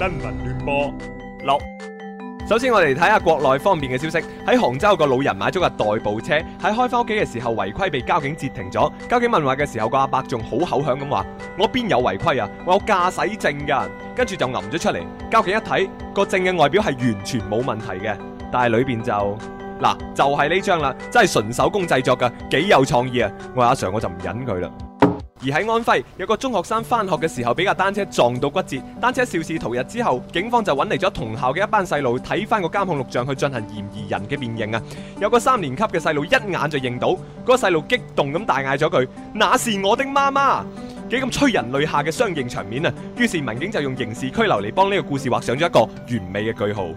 新聞亂播六。首先，我哋睇下國內方面嘅消息。喺杭州個老人買咗架代步車，喺開翻屋企嘅時候違規被交警截停咗。交警問話嘅時候，個阿伯仲好口響咁話：我邊有違規啊？我有駕駛證噶。跟住就揞咗出嚟。交警一睇個證嘅外表係完全冇問題嘅，但係裏邊就嗱就係呢張啦，真係純手工製作噶，幾有創意啊！我阿 sir 我就唔忍佢啦。而喺安徽，有個中學生翻學嘅時候，俾架單車撞到骨折。單車肇事逃逸之後，警方就揾嚟咗同校嘅一班細路睇翻個監控錄像去進行嫌疑人嘅辨認啊！有個三年級嘅細路一眼就認到，嗰個細路激動咁大嗌咗句：那是我的媽媽！幾咁催人淚下嘅相認場面啊！於是民警就用刑事拘留嚟幫呢個故事畫上咗一個完美嘅句號。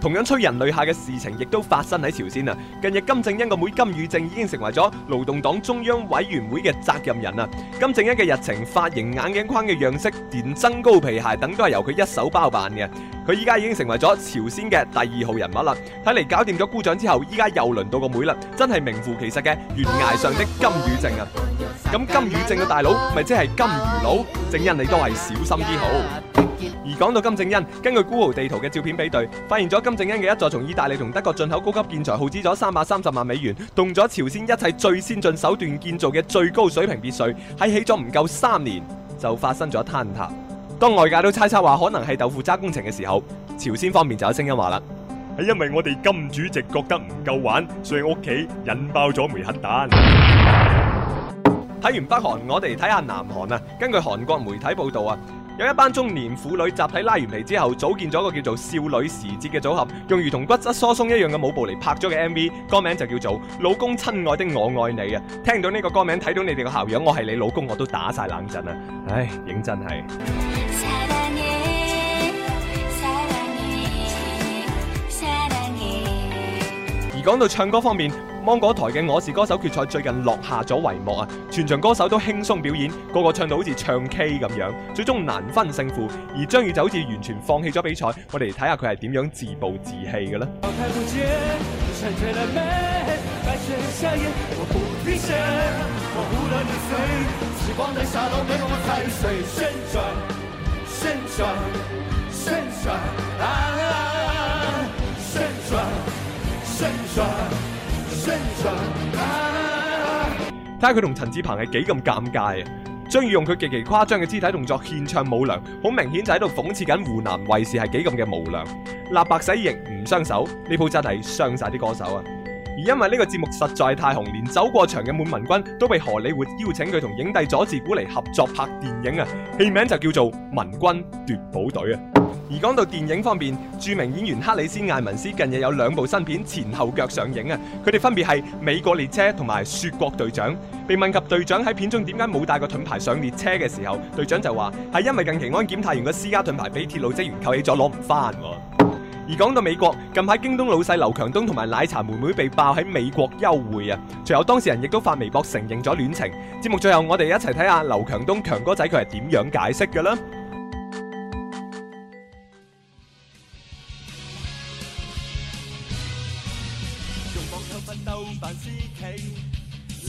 同樣催人淚下嘅事情亦都發生喺朝鮮啊！近日金正恩個妹妹金與正已經成為咗勞動黨中央委員會嘅責任人啊！金正恩嘅日程、髮型、眼鏡框嘅樣式、連增高皮鞋等都係由佢一手包辦嘅。佢依家已經成為咗朝鮮嘅第二號人物啦，睇嚟搞掂咗姑丈之後，依家又輪到個妹啦，真係名副其實嘅懸崖上的金魚正啊！咁、嗯、金魚正嘅大佬咪即係金魚佬？正恩你都係小心啲好。而講到金正恩，根據 Google 地圖嘅照片比對，發現咗金正恩嘅一座從意大利同德國進口高級建材，耗資咗三百三十萬美元，動咗朝鮮一切最先進手段建造嘅最高水平別墅，喺起咗唔夠三年就發生咗坍塌。當外界都猜測話可能係豆腐渣工程嘅時候，朝鮮方面就有聲音話啦：係因為我哋金主席覺得唔夠玩，所以屋企引爆咗枚核彈。睇完北韓，我哋睇下南韓啊。根據韓國媒體報道啊。有一班中年婦女集體拉完皮之後，組建咗一個叫做少女時節嘅組合，用如同骨質疏鬆一樣嘅舞步嚟拍咗個 MV，歌名就叫做《老公親愛的我愛你》啊！聽到呢個歌名，睇到你哋個校樣，我係你老公，我都打曬冷震！唉，認真係。而講到唱歌方面。芒果台嘅我是歌手決賽最近落下咗帷幕啊！全場歌手都輕鬆表演，個個唱到好似唱 K 咁樣，最終難分勝負，而張宇就好似完全放棄咗比賽。我哋嚟睇下佢係點樣自暴自棄嘅啦。 睇佢同陳志朋係幾咁尷尬啊！張宇用佢極其誇張嘅肢體動作獻唱武良《舞娘》，好明顯就喺度諷刺緊湖南衛視係幾咁嘅無良。立白洗型唔傷手，呢鋪真係傷晒啲歌手啊！而因為呢個節目實在太紅，連走過場嘅滿文軍都被荷里活邀請佢同影帝佐治古嚟合作拍電影啊！戲名就叫做民奪隊《文軍奪寶隊》啊！而講到電影方面，著名演員克里斯艾文斯近日有兩部新片前後腳上映啊！佢哋分別係《美國列車》同埋《雪國隊長》。被問及隊長喺片中點解冇帶個盾牌上列車嘅時候，隊長就話係因為近期安檢太嚴，個私家盾牌俾鐵路職員扣起咗，攞唔翻。而講到美國，近排京東老細劉強東同埋奶茶妹妹被爆喺美國幽會啊！隨後當事人亦都發微博承認咗戀情。節目最後，我哋一齊睇下劉強東強哥仔佢係點樣解釋嘅啦。